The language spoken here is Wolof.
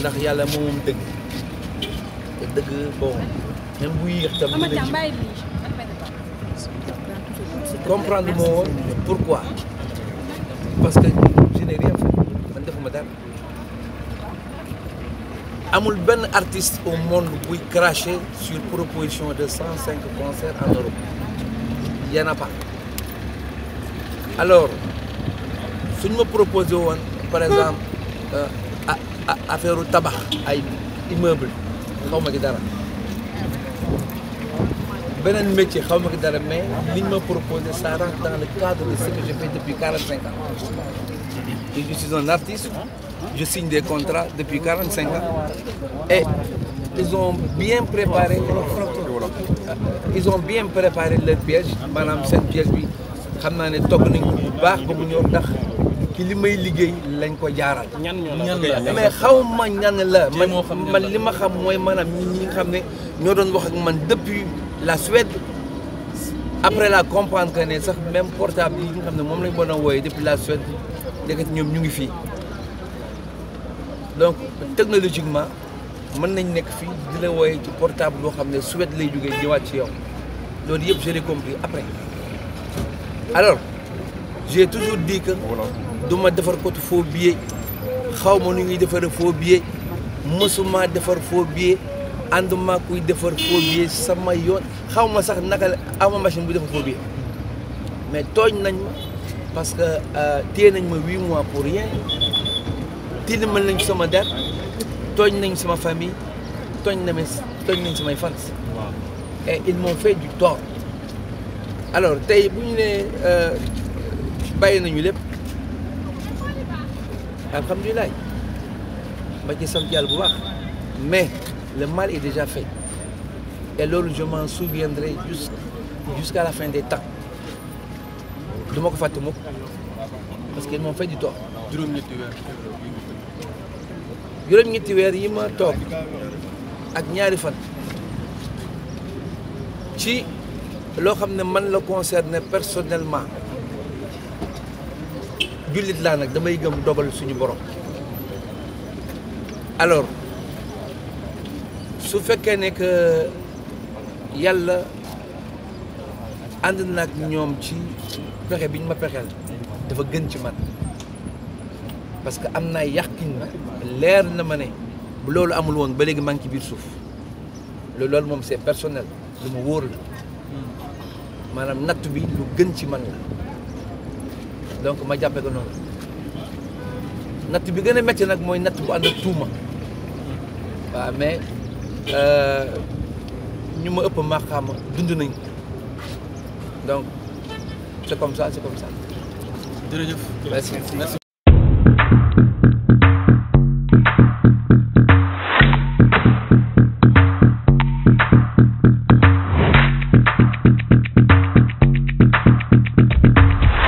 ndax yàlla moom dëgg te dëgg bon même bu yéex tam comprendre moo pourquoi parce que je n'ai rien fait man defuma dara amul benn artiste au monde buy cracher sur proposition de cent cinq concerts en Europe y en a pas alors suñ ma proposé woon par exemple euh, a affaire tabax ay immeuble xaw ma ci dara beneen métier xaw ma ci dara mais liñ ma proposé ça rentre dans le cadre de ce que je fais depuis quarante cinq ans je signe des contrats depuis quarante cinq ans et ils ont bien préparé ils bien préparé leur piège maanaam seen piège bi xam naa ne togg nañ ko bu baax ba mu ñor ci li may liggéey lañ ko jaaral. ñan la mais xaw ma ñan la. man man li ma xam mooy maanaam ñi ñi nga xam ne ñoo doon wax ak man depuis la Suède. après la comprendre que ne sax même portable yi nga xam ne moom lañ ko doon wooyee depuis la Suède ndeket ñoom ñu ngi fii donc ma mën nañ nekk fii di la wooyee ci portable boo xam ne Suède lay jógee ñëwaat ci yow loolu yëpp je l'ai compris après alors j'ai toujours dit que. du ma defar ko faux billet xaw ma nu ñuy defaree faux billet mësuma defar faux billet ànduma kuy defar faux sama yoon xaw ma sax naka la ama machine bu defar faux billet tooñ nañ ma parce que euh, téye nañ ma huit mois pour rien tilimal nañ sama der tooñ nañ sama famille tooñ na ma tooñ nañ samay fans et ils m'ont fait du tort alors tey bu ñu nee euh, bàyyi nañu lépp alhamdulilah ma ci sant yàlla bu baax mais le mal est déjà fait et loolu je m'en souviendrai jusqu'à la fin de temps du ma ko fàtte mukk parce que moom fay di toog juróom-ñetti weer yi ma toog ak ñaari fan ci loo xam ne man la concerné personnellement jullit laa nag damay gëm dogal suñu borom alors su fekkee ne que yàlla ànd naag ñoom ci pexe bi ñu ma pexeel dafa gën ci man parce que am na yàqin na leer na ma ne bu loolu amul woon ba léegi maa ngi ci biir suuf loolu moom c'est personnel lu ma wóor la maanaam natt bi lu gën ci man la donc ma jàppe ko noonu natt bi gën a métti nag mooy natt bu ànd ak tuuma waaw mais euh, ñu ma ëpp maqaama dund nañ donc c'est comme ça c'est comme ça.